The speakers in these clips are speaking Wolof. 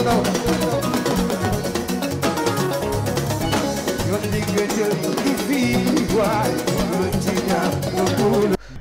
não, não.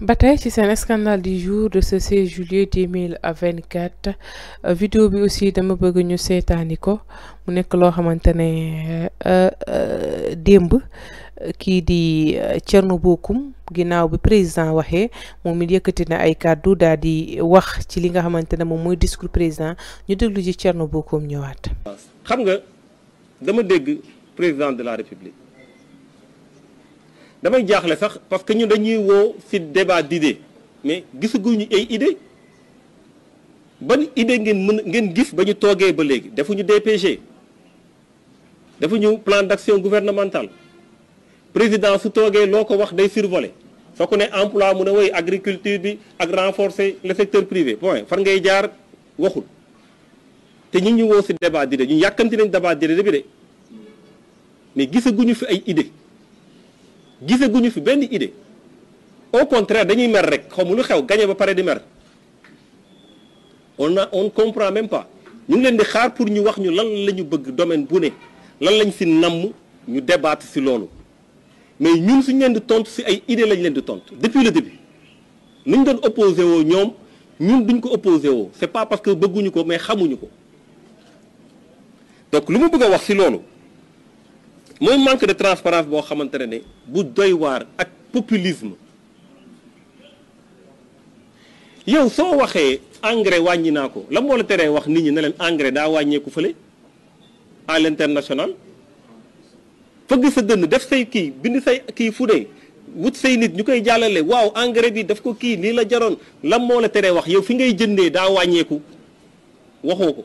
ba tey ci seen scandale du jour de ce 16 juillet 2024 euh, vidéo bi aussi dama bëgg ñu seetaani ko mu nekk loo xamante ne euh, euh, démb kii di Thierno Bocoum ginnaaw bi président waxee moom it yëkkati na ay kaddu daal di wax ci li nga xamante ne moom mooy discours président ñu déglu ci Thierno Bocoum ñëwaat. xam nga dama dégg président de la république. damay jaaxle sax parce que ñu dañuy woo fi débat d'idée mais gisaguñu ay idée ban idée ngeen mën ngeen gis ba ñu toogee ba léegi defuñu DPG defuñu plan d'action gouvernemental président su toogee loo ko wax day survolé soo ko ne emploi mu ne woy agriculture bi ak renforcer le secteur privé point far ngay jaar waxul te ñu ñu woo ci débat d'idées ñu yàkkamti nañ débat d'idée bi de mais gisaguñu fi ay idée guñu fi benn idée au contraire dañuy mer rek xamu lu xew gagné ba paré di mer on a on comprend même pas ñu ngi leen di xaar pour ñu wax ñu lan lañu bëgg domaine bu né lan lañ si namm ñu débattre ci lolu mais ñun suñu leen di tontu ci ay idée lañ leen di tontu depuis le début nuñ doon opposé wo ñom ñun duñ ko opposé wo c'est pas parce que bëgguñu ko mais xamuñu ko donc lu mu bëgg wax ci lolu mooy manque de transparence boo xamante ne bu doy waar ak populisme yow soo waxee engrais wàññi naa ko la moo la teree wax nit ñi ne leen engrais daa wàññeeku fële à l'international fëgg sa dënn def say kii bind say kii fu dee wut say nit ñu koy jàllale waaw engrais bi daf ko kii nii la jaroon lan moo la teree wax yow fi ngay jëndee daa wàññeeku waxoo ko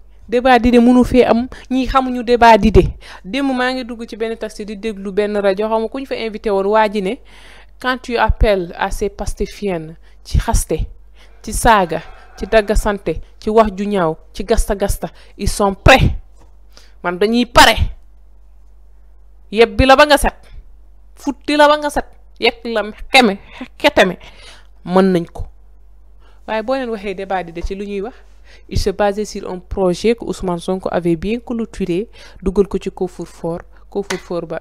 débat di mënu fi am ñi xamuñu débat d'idée dem ma nga dugg ci benn taxi di déglu benn radio xaw kuñ fa invité won waji né quand tu appelles à ces pastifiennes ci xasté ci saga ci dagga santé ci wax ju ñaaw ci gasta gasta ils sont prêts man dañuy pare yebbi la ba nga set futti la ba nga set yek la mën nañ ko waaye boo leen waxee débat di de ci lu ñuy wax il se basait sur un projet que Ousmane Sonko avait bien clôturé dugal ko ci coffre-fort coffre-fort ba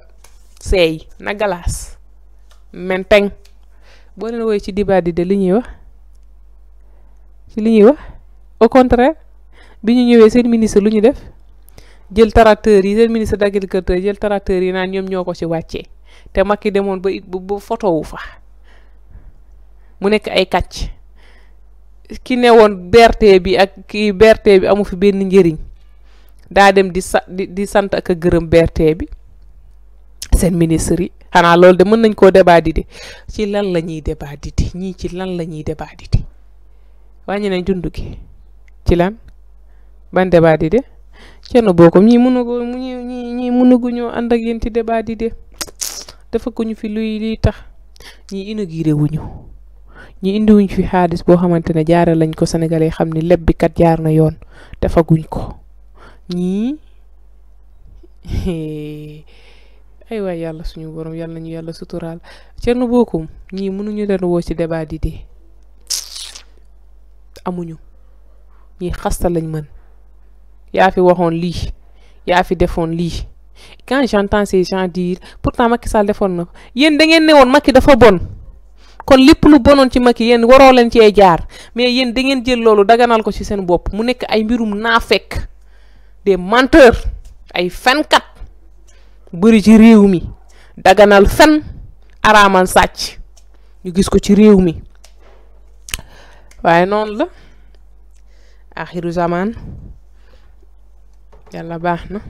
seey na galaas menteng boo leen woowee ci débat di de li ñuy wax ci li ñuy wax au contraire bi ñu ñëwee seen ministre lu ñu def jël tracteurs yi seen ministre d'agriculture jël tracteurs yi naan ñoom ñoo ko ci wàccee te Macky demoon ba it ba wu fa mu nekk ay kàcc ki ne woon berte bi ak kii berte bi amu fi benn njëriñ daa dem di di sant ak a gërëm berte bi seen ministre yi xanaa loolu de mën nañ koo débat di ci lan la ñuy débat ñii ci lan la ñuy débat di wàññi nañ dund gi ci lan ban de kenn boo ko ñii mënagoo ñii ñii ñii mënaguñoo ànd ak yéen ci débat di de dafa fi luy liy tax ñii inauguré wuñu ñi indiwuñ fi xaalis boo xamante ne jaare lañ ko sénégalais xam ni leb bi kat jaar na yoon te faguñ ko ñii ay waay yàlla suñu borom yàlla nañu yàlla suturaal Thierno Bocoum ñii mënuñu leen woo ci débat di dee amuñu ñii xasta lañ mën yaa fi waxoon lii yaa fi defoon lii quand j'entends ces gens dire pourtant Macky Sall defoon na yéen da ngeen ne woon Macky dafa bon kon lépp lu bonoon ci mag yéen waroo leen cee jaar mais yéen da jël loolu daganal ko ci seen bopp mu nekk ay mbirum fekk de menteurs ay fenkat bari ci réew mi daganal fen araamal sàcc ñu gis ko ci réew mi waaye noonu la axiru zaman yàlla baax na